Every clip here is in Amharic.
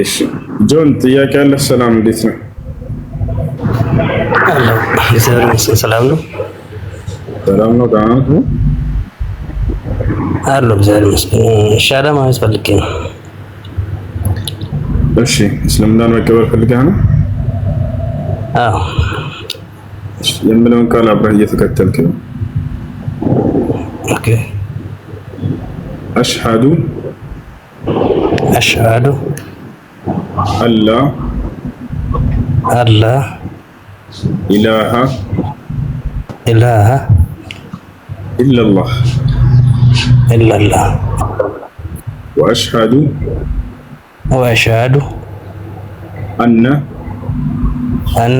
እሺ ጆን ጥያቄ አለ። ሰላም እንዴት ነው? ሰላም ነው። ሰላም ነው። ዳን አሎ ዘር ሻዳ ማለት ፈልጌ ነው። እሺ እስልምናን መቀበል ፈልጋ ነው? አዎ የምለውን ቃል አብረህ እየተከተልክ ነው። ኦኬ አሽሃዱ አሽሃዱ إله إله إلا الله إلا الله وأشهد وأشهد أن أن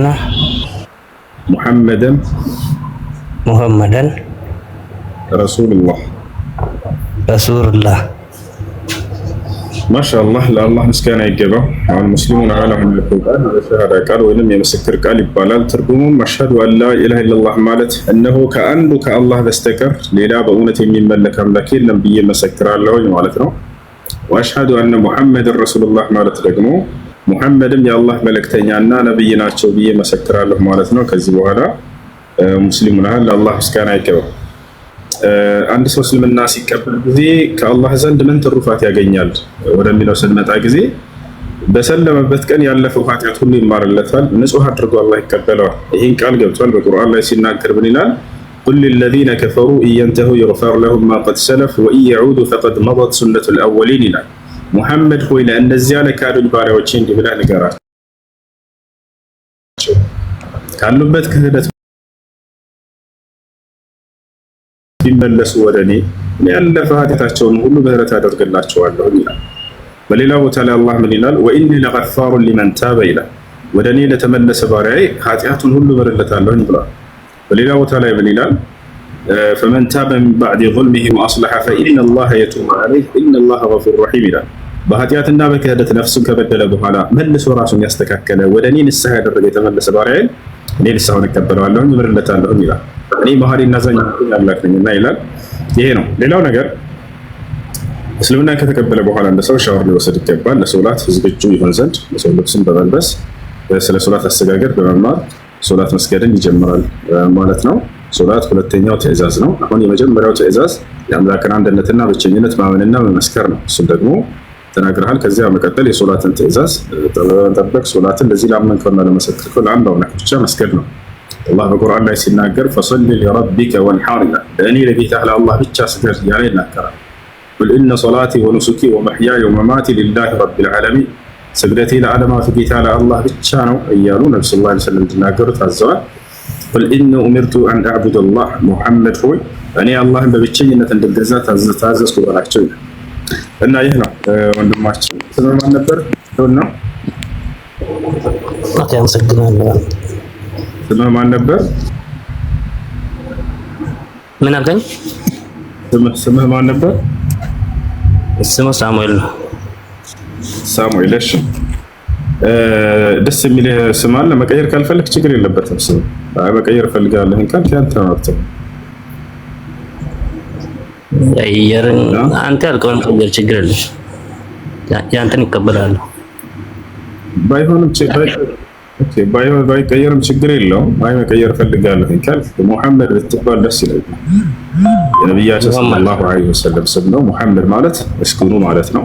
محمدا محمدا رسول الله رسول الله ማሻአላህ ለአላህ ምስጋና ይገባው። አሁን ሙስሊሙን አላ ቃል ቃል ወይም የምስክር ቃል ይባላል። ትርጉሙም አሽሀዱ አላ ኢላሃ ኢለላህ ማለት እነሆ ከአንዱ ከአላህ በስተቀር ሌላ በእውነት የሚመለክ አምላክ የለም ብዬ መሰክራለሁ ማለት ነው። ወአሽሀዱ አነ ሙሐመድን ረሱሉላህ ማለት ደግሞ ሙሐመድም የአላህ መልእክተኛና ነብይ ናቸው ብዬ መሰክራለሁ ማለት ነው። ከዚህ በኋላ ሙስሊሙን አላ ለአላህ ምስጋና ይገባው። አንድ ሰው እስልምና ሲቀበል ጊዜ ከአላህ ዘንድ ምን ትሩፋት ያገኛል ወደሚለው ስንመጣ ጊዜ በሰለመበት ቀን ያለፈው ኃጢአት ሁሉ ይማርለታል፣ ንጹህ አድርጎ አላህ ይቀበለዋል። ይህን ቃል ገብቷል። በቁርአን ላይ ሲናገር ምን ይላል? ቁል ሊለዚነ ከፈሩ እየንተሁ ይግፈር ለሁም ማ ቀድ ሰለፍ ወኢየዑዱ ፈቀድ መደት ሱነቱል አወሊን ይላል። ሙሐመድ ሆይ ለእነዚያ ለካዱኝ ባሪያዎቼ እንዲህ ብለህ ንገራቸው ካሉበት ክህደት ቢመለሱ ወደ እኔ ያለፈ ኃጢአታቸውን ሁሉ ምህረት አደርግላቸዋለሁ ይላል። በሌላ ቦታ ላይ አላህ ምን ይላል? ወኢኒ ለገፋሩን ሊመን ታበ ይላል። ወደ እኔ ለተመለሰ ባሪያዬ ኃጢአቱን ሁሉ እምርለታለሁ ብሏል። በሌላ ቦታ ላይ ምን ይላል? ፈመን ታበ ሚን ባዕድ ዙልሚሂ ወአስለሐ ፈኢነ ላሀ የቱቡ ዐለይህ ኢነ ላሀ ገፉር ረሒም ይላል። በኃጢአትና በክህደት ነፍሱን ከበደለ በኋላ መልሶ ራሱን ያስተካከለ ወደ እኔ ንስሐ ያደረገ የተመለሰ ባሪያዬ እኔ ንስሐውን እቀበለዋለሁ እምርለታለሁ ይላል። እኔ ባህሪ እናዛኝ አምላክ እና ይላል። ይሄ ነው። ሌላው ነገር እስልምና ከተቀበለ በኋላ እንደ ሰው ሻወር ሊወሰድ ይገባል። ለሶላት ዝግጁ ይሆን ዘንድ ለሰው ልብስን በመልበስ ስለ ሶላት አሰጋገድ በመማር ሶላት መስገድን ይጀምራል ማለት ነው። ሶላት ሁለተኛው ትዕዛዝ ነው። አሁን የመጀመሪያው ትዕዛዝ የአምላክን አንድነትና ብቸኝነት ማመንና መመስከር ነው። እሱም ደግሞ ተናግረሃል። ከዚያ መቀጠል የሶላትን ትዕዛዝ በመጠበቅ ሶላትን ለዚህ ላመንከውና ለመሰከርከው ለአንድ አምላክ ብቻ መስገድ ነው። አላህ በቁርአን ላይ ሲናገር ፈሰሊ ሊረቢከ ወንሐር ይላል። ለእኔ ለጌታ ለአላህ ብቻ ስገድ እያለ ይናገራል። ቁል ኢነ ሶላቲ ወኑሱኪ ወመሕያየ ወመማቲ ሊላህ ረቢል ዓለሚን፣ ስግደቴ ለዓለማቱ ጌታ ለአላህ ብቻ ነው እያሉ ነቢ ስ ላ ስለም እንዲናገሩ ታዘዋል። ቁል ኢኒ ኡሚርቱ አን አዕቡድ አላህ፣ ሙሐመድ ሆይ እኔ አላህን በብቸኝነት እንድገዛ ታዘዝኩ በላቸው ይላል። እና ይህ ነው ወንድማችን ስምማን ነበር ነው አመሰግናለሁ። ስምህ ማን ነበር? ምን አልከኝ? ስምህ ስምህ ማን ነበር? ስሙ ሳሙኤል ነው። ሳሙኤል እሺ። ደስ የሚል ስም አለ። መቀየር ካልፈልግ ችግር የለበትም። ስም መቀየር እፈልጋለሁ ካልክ ያንተ መብት ነው። ቀየርን አንተ ያልከውን ቀየር፣ ችግር የለሽ። ያንተን ይቀበላለሁ። ባይሆንም ባይቀየርም ችግር የለውም። አይ መቀየር ፈልጋለሁ ካልክ ሙሐመድ ብትባል ደስ ይላል። የነቢያችን ሰለላሁ ዐለይሂ ወሰለም ስም ነው። ሙሐመድ ማለት እስክኑ ማለት ነው።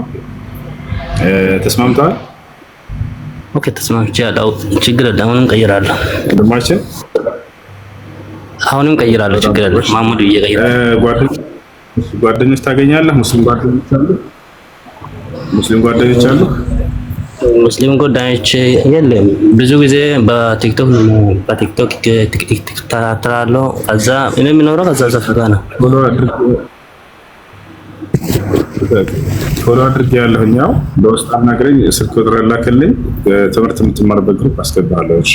ተስማምተሃል? ኦኬ ተስማምቻለሁ። ችግር የለም። አሁንም ቀይራለሁ። ወንድማችን አሁንም ቀይራለሁ። ችግር የለም። ማሙድ እየቀየራለሁ። ጓደኞች ታገኛለህ። ሙስሊም ጓደኞች አሉ። ሙስሊም ጓደኞች አሉ ሙስሊም ጉዳዮች የለም። ብዙ ጊዜ በቲክቶክ በቲክቶክ ትከታተላለህ። ከዛ እኔ የሚኖረው ከዛ ዘፈጋ ነው። ፎሎ አድርጌ ያለሁኝ ያው በውስጥ አናግረኝ፣ ስልክ ቁጥር ላክልኝ። ትምህርት የምትማርበት ግሩፕ አስገባለሁ። እሺ፣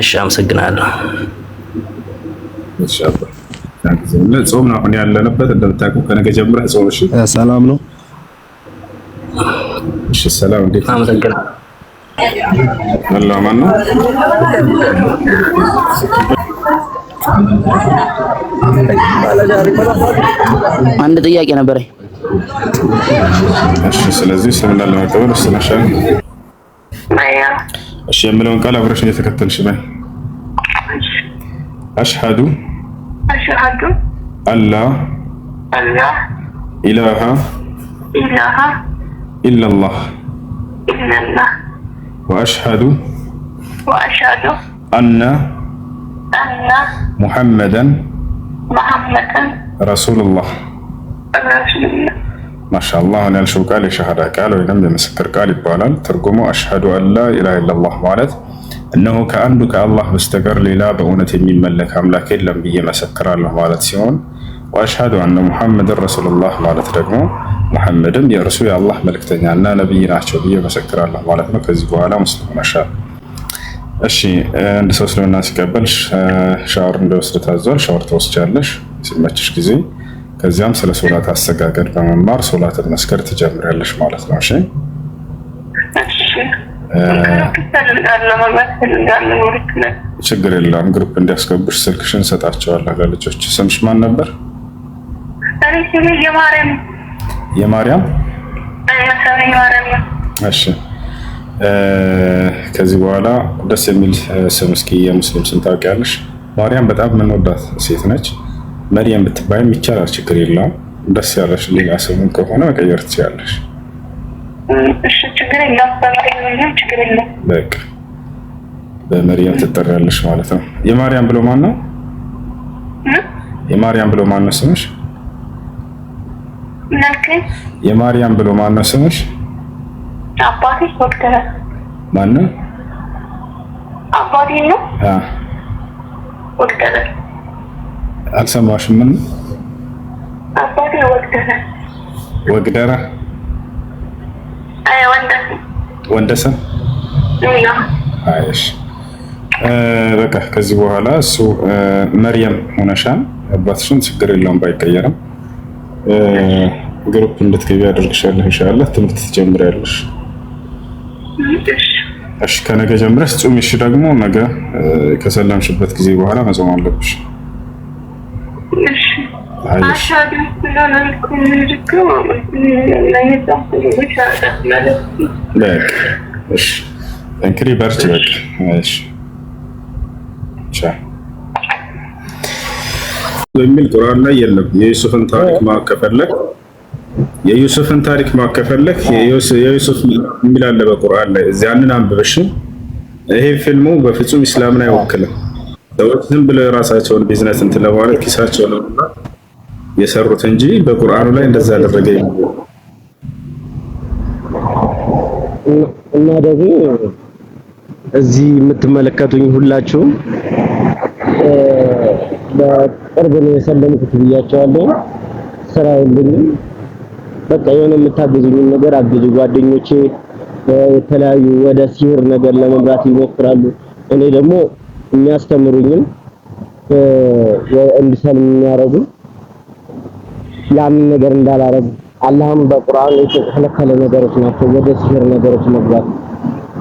እሺ። አመሰግናለሁ። ጾም ነው አሁን ያለንበት እንደምታውቀው፣ ከነገ ጀምረህ ጾም። እሺ፣ ሰላም ነው እሺ ሰላም እንዴት አመሰግናለሁ። አላ ማን ነው? አንድ ጥያቄ ነበረኝ። እሺ፣ ስለዚህ እስልምና ለመቀበል ወስነሻል? እሺ፣ የምለውን ቃል አብረሽ እየተከተልሽ በይ። አሽሃዱ አላ ኢላሃ ኢላሃ إلا الله إلا الله وأشهد وأشهد أن أن محمدا محمدا رسول الله رسول الله ما شاء الله أنا أشوك على شهادة قالوا لم يمسكر قال يبالال ترجمه أشهد أن لا إله إلا الله ማለት እነሆ ከአንዱ ከአላህ بأونة من ملك أملاك إلا የለም مسكر الله ማለት سيون ወአሽሀዱ አነ ሙሐመድን ረሱሉላህ ማለት ደግሞ ሙሐመድም የእርሱ የአላህ መልእክተኛና ነቢይ ናቸው ብዬ መሰክራለሁ ማለት ነው። ከዚህ በኋላ ሙስሊም ነሻል። እሺ አንድ ሰው እስልምና ሲቀበል ሻወር እንደወስድ ታዟል። ሻወር ተወስጃለሽ ሲመችሽ ጊዜ። ከዚያም ስለ ሶላት አሰጋገድ በመማር ሶላትን መስገድ ትጀምሪያለሽ ማለት ነው። እሺ ችግር የለም። ግሩፕ እንዲያስገቡሽ ስልክሽን ሰጣቸዋለሁ። ለልጆች ስምሽ ማን ነበር? የማርያም እሺ። ከዚህ በኋላ ደስ የሚል ስም እስኪ የሙስሊም ስም ታውቂያለሽ? ማርያም በጣም የምንወዳት ሴት ነች። መርየም ብትባይም ይቻላል፣ ችግር የለውም። ደስ ያለሽ ሌላ ስም ከሆነ መቀየር ትችያለሽ። በቃ በመርያም ትጠሪያለሽ ማለት ነው። የማርያም ብሎ ማን ነው? የማርያም ብሎ ማን ነው ስምሽ? የማርያም ብሎ ማነው ስምሽ? አባቴ ዶክተር ማነው? አባቴ ነው። አ ዶክተር አልሰማሽም? ምን አባቴ ወግደረ ወግደረ አይ ወንደሰ ወንደሰ አይሽ በቃ ከዚህ በኋላ እሱ መርየም ሆነሻል። አባትሽም ችግር የለውም ባይቀየርም ግሩፕ እንድትገቢ አደርግሻለሁ። ኢንሻአላህ ትምህርት ትጀምሪያለሽ። እሺ፣ ከነገ ጀምረሽ ጾም። እሺ፣ ደግሞ ነገ ከሰላምሽበት ጊዜ በኋላ መጾም አለብሽ። እሺ፣ እንግዲህ በርቺ በቃ። እሺ የሚል ቁርአን ላይ የለም። የዩሱፍን ታሪክ ማከፈለክ የዩሱፍን ታሪክ ማከፈለክ የዩሱፍ የሚል አለ በቁርአን ላይ እዚያንን አንብበሽ። ይሄ ፊልሙ በፍጹም ኢስላምን አይወክልም። ሰዎች ዝም ብለው የራሳቸውን ቢዝነስ እንትን ለማለት ነው የሰሩት እንጂ በቁርአኑ ላይ እንደዛ ያደረገ እና ደግሞ እዚህ የምትመለከቱኝ ሁላችሁም በቅርብ ነው የሰለምኩት ብያቸዋለሁ። ስራ የለኝም። በቃ የሆነ የምታግዙኝን ነገር አግዙ። ጓደኞቼ የተለያዩ ወደ ሲህር ነገር ለመምራት ይሞክራሉ። እኔ ደግሞ የሚያስተምሩኝም እንድሰልም የሚያረጉ ያንን ነገር እንዳላረግ አላህም በቁርአን የተከለከለ ነገሮች ናቸው፣ ወደ ሲህር ነገሮች መግባት።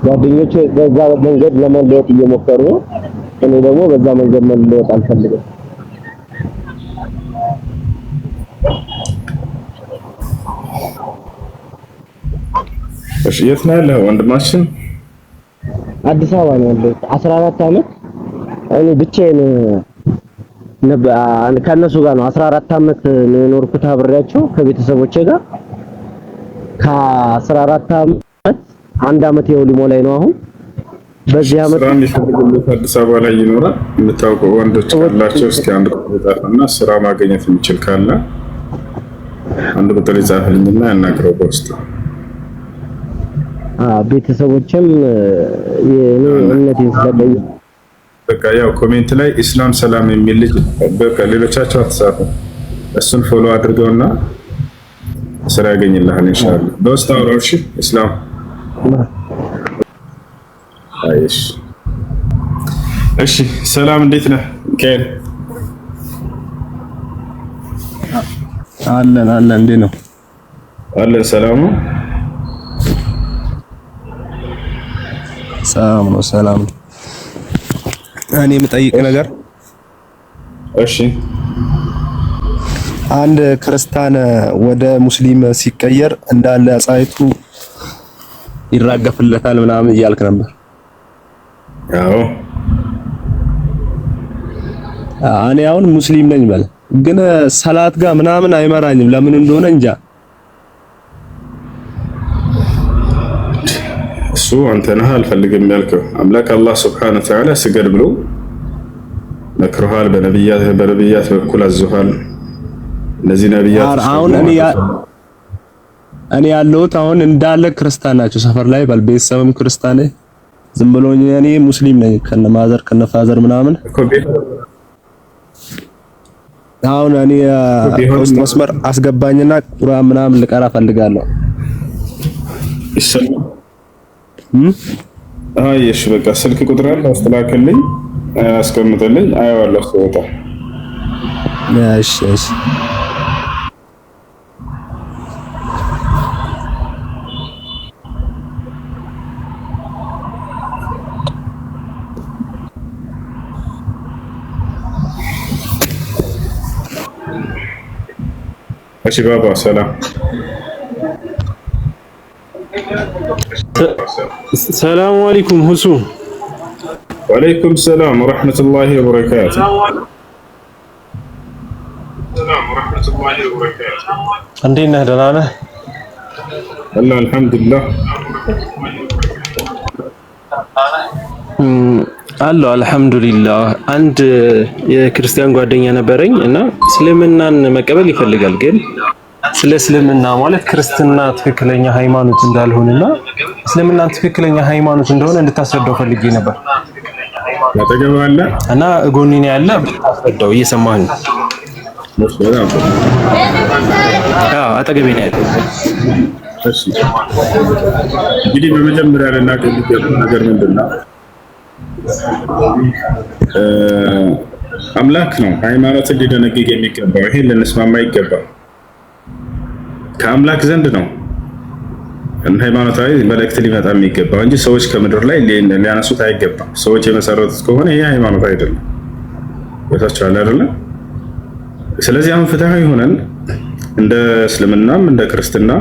ጓደኞቼ በዛ መንገድ ለመለወጥ እየሞከሩ ነው። እኔ ደግሞ በዛ መንገድ መለወጥ አልፈልግም። ይስጥሽ። የት ነው ያለው ወንድማችን? አዲስ አበባ ነው ያለሁት። 14 ዓመት እኔ ብቻዬን ከእነሱ ጋር ነው 14 አመት ነው የኖርኩት አብሬያቸው ከቤተሰቦቼ ጋር ከ14 አመት አንድ አመት ይኸው ሊሞላኝ ነው አሁን በዚህ አመት ስራ ዓመት አዲስ አበባ ላይ ይኖራል። የምታውቀው ወንዶች ካላቸው እስኪ አንድ ቁጥር ጻፍና ስራ ማግኘት የሚችል ካለ አንድ ቁጥር ጻፍልኝና ያናግረው በውስጥ ቤተሰቦችም የኔ እምነቴን ስለቀየሩ በቃ ያው ኮሜንት ላይ ኢስላም ሰላም የሚል ልጅ በቃ ሌሎቻቸው አትሳፉ፣ እሱን ፎሎ አድርገውና ስራ ያገኝልሃል ኢንሻአላህ። በውስጥ አውራው እሺ። ኢስላም አይሽ እሺ። ሰላም እንዴት ነህ? ከል አለን አለን። እንዴት ነው? አለን። ሰላም ነው ሰላም ነው፣ ሰላም እኔ የምጠይቅ ነገር እሺ፣ አንድ ክርስቲያን ወደ ሙስሊም ሲቀየር እንዳለ አጻይቱ ይራገፍለታል ምናምን እያልክ ነበር። አዎ እኔ አሁን ሙስሊም ነኝ በል፣ ግን ሰላት ጋር ምናምን አይመራኝም ለምን እንደሆነ እንጃ እሱ አንተ ነህ አልፈልግም ያልከው አምላክ አላህ ስብሐነሁ ወተዓላ ስገድ ብሎ መክሮሃል። በነብያት በኩል አዞሃል። እነዚህ ነቢያት አሁን እኔ ያለሁት አሁን እንዳለ ክርስቲያን ናቸው ሰፈር ላይ ቤተሰብም ክርስቲያን ዝም ብሎ እኔ ሙስሊም ነኝ ከነማዘር ከነፋዘር ምናምን አሁን እኔ መስመር አስገባኝና ቁርአን ምናምን ልቀራ ፈልጋለሁ። አይ በቃ ስልክ ቁጥር አለ አስተላከልኝ፣ አስቀምጥልኝ፣ አየዋለሁ ስወጣ። እሺ፣ እሺ። እሺ፣ ባባ ሰላም ሰላሙ አለይኩም ሁሱ። ወአለይኩም ሰላም ወረሕመቱላሂ ወበረካቱ። እንዴት ነህ? ደህና ነህ? አላ አልሐምዱሊላህ አለ አልሐምዱሊላህ። አንድ የክርስቲያን ጓደኛ ነበረኝ እና እስልምናን መቀበል ይፈልጋል ግን ስለ እስልምና ማለት ክርስትና ትክክለኛ ሃይማኖት እንዳልሆነና እስልምና ትክክለኛ ሃይማኖት እንደሆነ እንድታስረዳው ፈልጌ ነበር። ያጠገባለ እና ጎኒን ያለ ብታስረዳው እየሰማህ ነው። አጠገቤ ነው ያለ። እንግዲህ በመጀመሪያ ልናገር ነገር ምንድን ነው አምላክ ነው ሃይማኖትን ሊደነግግ የሚገባው ይሄን ልንስማማ ይገባል። ከአምላክ ዘንድ ነው ሃይማኖታዊ መልእክት ሊመጣ የሚገባው እንጂ ሰዎች ከምድር ላይ ሊያነሱት አይገባም። ሰዎች የመሰረቱት ከሆነ ይህ ሃይማኖት አይደለም። ቦታቸዋል አይደለም። ስለዚህ አሁን ፍትሐዊ ሆነን እንደ እስልምናም እንደ ክርስትና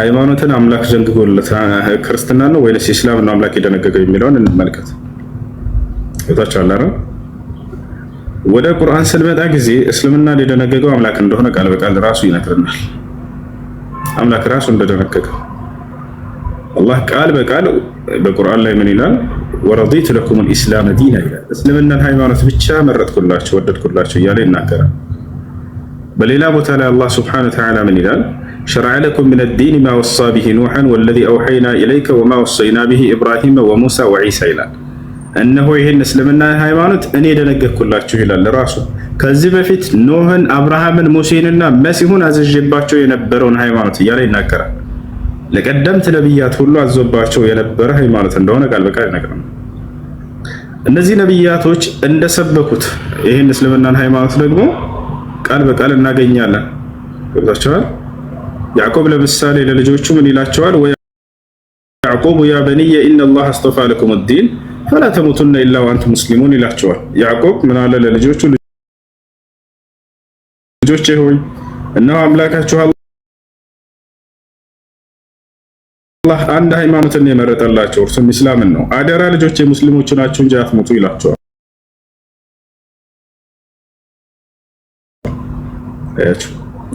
ሃይማኖትን አምላክ ዘንግጎለት ክርስትና ነው ወይስ ኢስላም ነው አምላክ የደነገገው የሚለውን እንመልከት። ቦታቸዋል አ ወደ ቁርአን ስንመጣ ጊዜ እስልምና ሊደነገገው አምላክ እንደሆነ ቃል በቃል ራሱ ይነግርናል። አምላክ ራሱ እንደደነገገ አላህ ቃል በቃል በቁርአን ላይ ምን ይላል? ወረዲቱ ለኩም ልኢስላም ዲና ይላል። እስልምናን ሃይማኖት ብቻ መረጥኩላቸው ወደድኩላቸው እያለ ይናገራል። በሌላ ቦታ ላይ አላህ ስብሓነሁ ወተዓላ ምን ይላል? ሸርዐ ለኩም ሚነ ዲን ማ ወሳ ብሂ ኑሐን ወለዚ አውሐይና ኢለይከ ወማ ወሰይና ብሂ ኢብራሂመ ወሙሳ ወዒሳ ይላል። እነሆ ይህን እስልምና ሃይማኖት እኔ ደነገግኩላችሁ ይላል ራሱ ከዚህ በፊት ኖህን፣ አብርሃምን፣ ሙሴንና መሲሁን አዝዤባቸው የነበረውን ሃይማኖት እያለ ይናገራል። ለቀደምት ነቢያት ሁሉ አዞባቸው የነበረ ሃይማኖት እንደሆነ ቃል በቃል ይነግረናል። እነዚህ ነቢያቶች እንደሰበኩት ይህን እስልምናን ሃይማኖት ደግሞ ቃል በቃል እናገኛለን። ገብታችኋል? ያዕቆብ ለምሳሌ ለልጆቹ ምን ይላቸዋል? ያዕቆብ ያ በንየ ኢነ ላህ ለኩም ዲን ፈላ ተሙቱና ኢላ ወአንቱም ሙስሊሙን ይላቸዋል። ያዕቆብ ምን አለ ለልጆቹ ልጆቼ ሆይ እነሆ አምላካችሁ አላህ አንድ ሃይማኖትን የመረጠላቸው እርሱም ኢስላምን ነው። አደራ ልጆቼ ሙስሊሞች ናችሁ እንጂ አትሙቱ ይላቸዋል።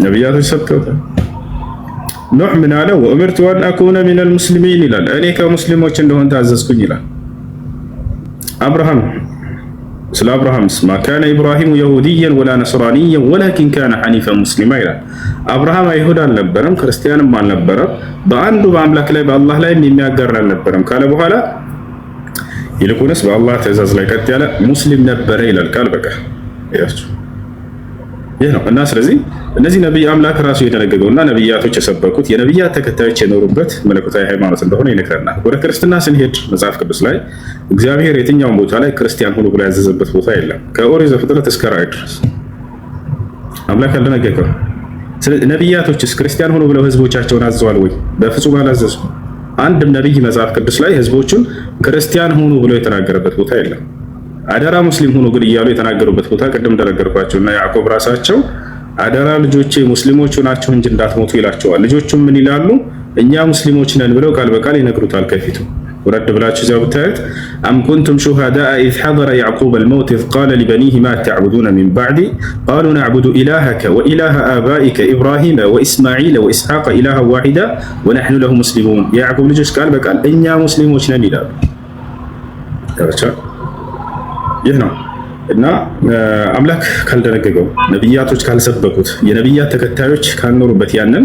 ነቢያቶች ሰብከውታል። ኖህ ምን አለ? ወእምርቱ አን አኩነ ሚነል ሙስሊሚን ይላል። እኔ ከሙስሊሞች እንደሆን ታዘዝኩኝ ይላል አብርሃም ስለ አብርሃምስ ማካነ ኢብራሂሙ የሁድየን ወላ ነስራንየን ወላኪን ካነ ሐኒፈን ሙስሊማ ይላል። አብርሃም አይሁድ አልነበረም፣ ክርስቲያንም አልነበረም፣ በአንዱ በአምላክ ላይ በአላህ ላይም የሚያጋር አልነበረም ካለ በኋላ ይልቁንስ በአላህ ትእዛዝ ላይ ቀጥ ያለ ሙስሊም ነበረ ይላል ቃል በቃል ይህ ነው እና ስለዚህ እነዚህ ነቢይ አምላክ ራሱ የደነገገው እና ነቢያቶች የሰበኩት የነቢያት ተከታዮች የኖሩበት መለኮታዊ ሃይማኖት እንደሆነ ይነግረናል። ወደ ክርስትና ስንሄድ መጽሐፍ ቅዱስ ላይ እግዚአብሔር የትኛውን ቦታ ላይ ክርስቲያን ሁኑ ብሎ ያዘዘበት ቦታ የለም። ከኦሪት ዘፍጥረት እስከ ራእይ ድረስ አምላክ አልደነገገው። ነቢያቶችስ ክርስቲያን ሆኖ ብለው ህዝቦቻቸውን አዘዋል ወይ? በፍጹም አላዘዙ። አንድም ነቢይ መጽሐፍ ቅዱስ ላይ ህዝቦቹን ክርስቲያን ሆኖ ብሎ የተናገረበት ቦታ የለም። አደራ ሙስሊም ሁኑ ግን እያሉ የተናገሩበት ቦታ ቅድም እንደነገርኳቸው እና ያዕቆብ ራሳቸው አደራ ልጆቼ ሙስሊሞች ሆናችሁ እንጂ እንዳትሞቱ ይላቸዋል። ልጆቹም ምን ይላሉ? እኛ ሙስሊሞች ነን ብለው ቃል በቃል ይነግሩታል። ከፊቱ ወረድ ብላችሁ እዚያ ብታዩት አም ኩንቱም ሹሃዳ ኢዝ ሐደረ ያዕቁብ አልመውት ኢዝ ቃለ ሊበኒህ ማ ተዕቡዱነ ሚን ባዕዲ ቃሉ ነዕቡዱ ኢላሀከ ወኢላሃ አባኢከ ኢብራሂመ ወኢስማዒለ ወኢስሐቀ ኢላሃ ዋሂዳ ወነሕኑ ለሁ ሙስሊሙን። የያዕቁብ ልጆች ቃል በቃል እኛ ሙስሊሞች ነን ይላሉ። ይህ ነው እና አምላክ ካልደነገገው ነቢያቶች ካልሰበኩት የነቢያት ተከታዮች ካልኖሩበት ያንን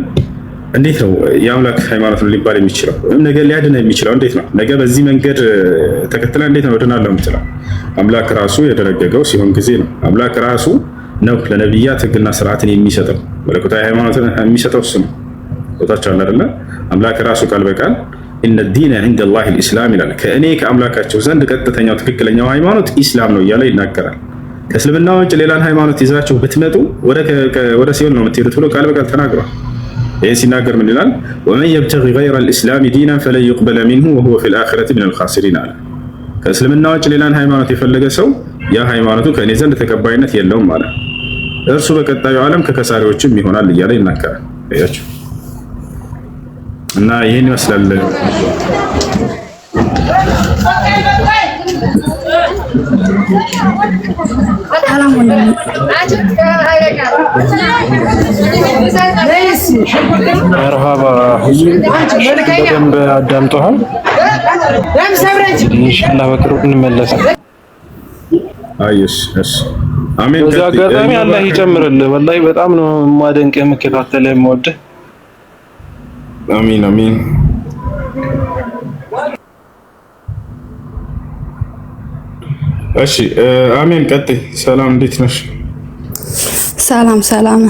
እንዴት ነው የአምላክ ሃይማኖት ነው ሊባል የሚችለው ወይም ነገ ሊያድነ የሚችለው እንዴት ነው? ነገ በዚህ መንገድ ተከትለ እንዴት ነው ድናለሁ የምትለው? አምላክ ራሱ የደነገገው ሲሆን ጊዜ ነው። አምላክ ራሱ ነው ለነቢያት ሕግና ስርዓትን የሚሰጠው። መለኮታዊ ሃይማኖትን የሚሰጠው እሱ ነው። ቦታቸው አለ አምላክ ራሱ ቃል በቃል ኢነ ዲነ ዐንደ ላሂ ልእስላም ይላል። ከእኔ ከአምላካቸው ዘንድ ቀጥተኛው ትክክለኛው ሃይማኖት ኢስላም ነው እያለ ይናገራል። ከእስልምና ውጭ ሌላን ሃይማኖት ይዛችሁ ብትመጡ ወደ ሲሆን ነው የምትሄዱት ብሎ ቃል በቃል ተናግሯል። ይህን ሲናገር ምን ይላል? ወመን የብተጊ ገይረ ልእስላሚ ዲናን ፈለን ዩቅበለ ሚንሁ ወሁወ ፊል አኺረቲ ሚነል ኻሲሪን አለ። ከእስልምና ውጭ ሌላን ሃይማኖት የፈለገ ሰው ያ ሃይማኖቱ ከእኔ ዘንድ ተቀባይነት የለውም አለ። እርሱ በቀጣዩ ዓለም ከከሳሪዎችም ይሆናል እያለ ይናገራል። እና ይሄን ይመስላል። መርሃባ በደንብ አዳምጠሃል። ኢንሻአላህ በቅርቡ እንመለሳለን። በዚህ አጋጣሚ አላህ ይጨምርልህ። ወላሂ በጣም ነው የማደንቅህ፣ የምከታተልህ፣ የምወድህ Amin, አሚን እሺ አሜን። ቀጥይ። ሰላም እንዴት ነሽ? ሰላም ሰላም፣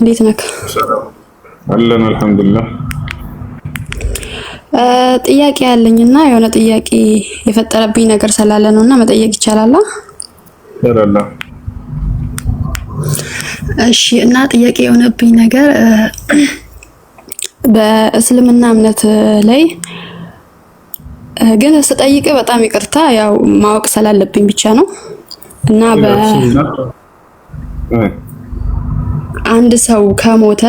እንዴት ነህ? አለን አልሐምዱሊላህ። ጥያቄ ያለኝና የሆነ ጥያቄ የፈጠረብኝ ነገር ስላለ ነው እና መጠየቅ ይቻላል? ይቻላል። እሺ እና ጥያቄ የሆነብኝ ነገር በእስልምና እምነት ላይ ግን ስጠይቅ በጣም ይቅርታ ያው ማወቅ ስላለብኝ ብቻ ነው እና አንድ ሰው ከሞተ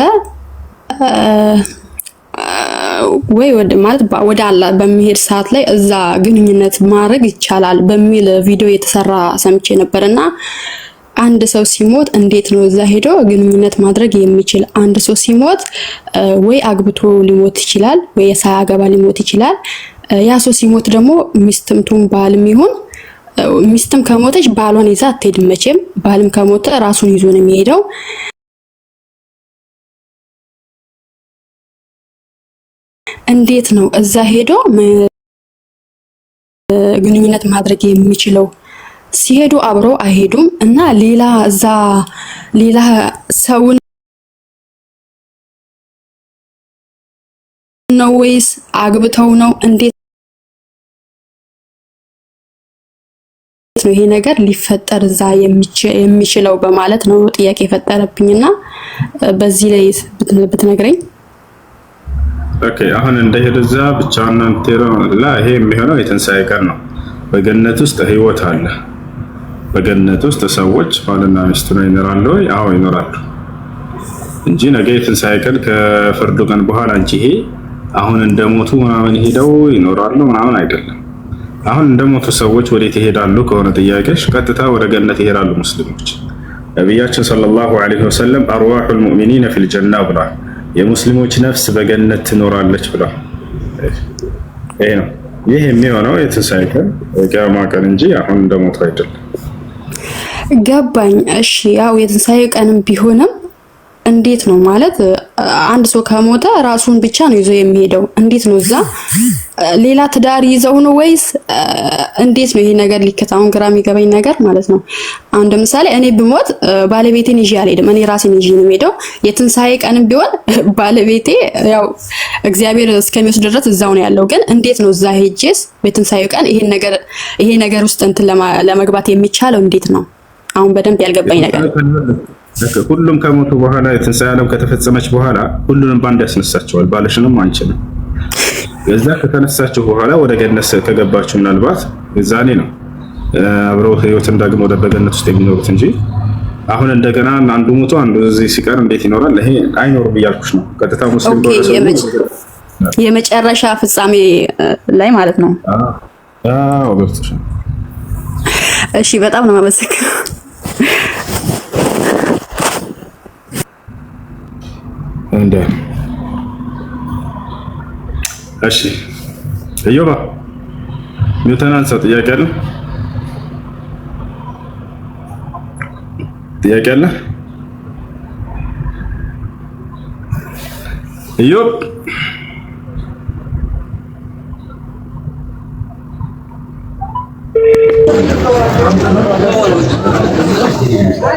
ወይ ወደ ማለት ወደ አላህ በሚሄድ ሰዓት ላይ እዛ ግንኙነት ማድረግ ይቻላል በሚል ቪዲዮ የተሰራ ሰምቼ ነበር እና አንድ ሰው ሲሞት እንዴት ነው እዛ ሄዶ ግንኙነት ማድረግ የሚችል? አንድ ሰው ሲሞት ወይ አግብቶ ሊሞት ይችላል፣ ወይ ሳያገባ ሊሞት ይችላል። ያ ሰው ሲሞት ደግሞ ሚስትም ትሁን ባልም ይሁን ሚስትም ከሞተች ባሏን ይዛ አትሄድም መቼም። ባልም ከሞተ ራሱን ይዞ ነው የሚሄደው። እንዴት ነው እዛ ሄዶ ግንኙነት ማድረግ የሚችለው? ሲሄዱ አብሮ አይሄዱም እና ሌላ እዛ ሌላ ሰውን ነው ወይስ አግብተው ነው? እንዴት ነው ይሄ ነገር ሊፈጠር እዛ የሚችለው በማለት ነው ጥያቄ የፈጠረብኝና በዚህ ላይ ብትነግረኝ። ኦኬ አሁን እንደሄደ እዛ ብቻውን ነው ላ ይሄ የሚሆነው የትንሣኤ ቀን ነው። በገነት ውስጥ ህይወት አለ። በገነት ውስጥ ሰዎች ባልና ሚስቱ ላይ ይኖራሉ ወይ? አዎ ይኖራሉ እንጂ ነገ የትንሣኤ ቀን ከፍርዱ ቀን በኋላ እንጂ ይሄ አሁን እንደሞቱ ምናምን ሄደው ይኖራሉ ምናምን አይደለም። አሁን እንደሞቱ ሰዎች ወዴት ይሄዳሉ ከሆነ ጥያቄሽ፣ ቀጥታ ወደ ገነት ይሄዳሉ ሙስሊሞች። ነቢያችን ሰለላሁ ዐለይሂ ወሰለም አርዋሑል ሙእሚኒነ ፊል ጀና ብሏል። የሙስሊሞች ነፍስ በገነት ትኖራለች ብሏል። ይሄ ነው ይህ የሚሆነው የትንሣኤ ቀን የቂያማ ቀን እንጂ አሁን እንደሞቱ አይደለም። ገባኝ። እሺ ያው የትንሳኤ ቀንም ቢሆንም እንዴት ነው ማለት አንድ ሰው ከሞተ ራሱን ብቻ ነው ይዞ የሚሄደው? እንዴት ነው እዛ ሌላ ትዳር ይዘው ነው ወይስ እንዴት ነው ይሄ ነገር ሊከታውን? ግራ የሚገባኝ ነገር ማለት ነው። አንድ ምሳሌ እኔ ብሞት ባለቤቴን ይዤ አልሄድም፣ እኔ ራሴን ይዤ ነው የምሄደው። የትንሳኤ ቀንም ቢሆን ባለቤቴ ያው እግዚአብሔር እስከሚወስድ ድረስ እዛው ነው ያለው። ግን እንዴት ነው እዛ ሄጄስ በትንሳኤ ቀን ይሄን ነገር ይሄ ነገር ውስጥ እንትን ለመግባት የሚቻለው እንዴት ነው? አሁን በደንብ ያልገባኝ ነገር ሁሉም ከሞቱ በኋላ የትንሣኤ ዓለም ከተፈጸመች በኋላ ሁሉንም በአንድ ያስነሳቸዋል። ባለሽንም አንችልም። ከዛ ከተነሳችሁ በኋላ ወደ ገነት ከገባችሁ ምናልባት እዛኔ ነው አብረው ህይወትን ዳግም ወደ በገነት ውስጥ የሚኖሩት እንጂ አሁን እንደገና አንዱ ሞቶ አንዱ እዚህ ሲቀር እንዴት ይኖራል? ይሄ አይኖርም እያልኩሽ ነው። ቀጥታ ሙስሊም የመጨረሻ ፍጻሜ ላይ ማለት ነው። እሺ፣ በጣም ነው የማመሰግነው። እንደ እሺ እዮባ ሚውተናንሳ ጥያቄ አለ ጥያቄ አለ እዮብ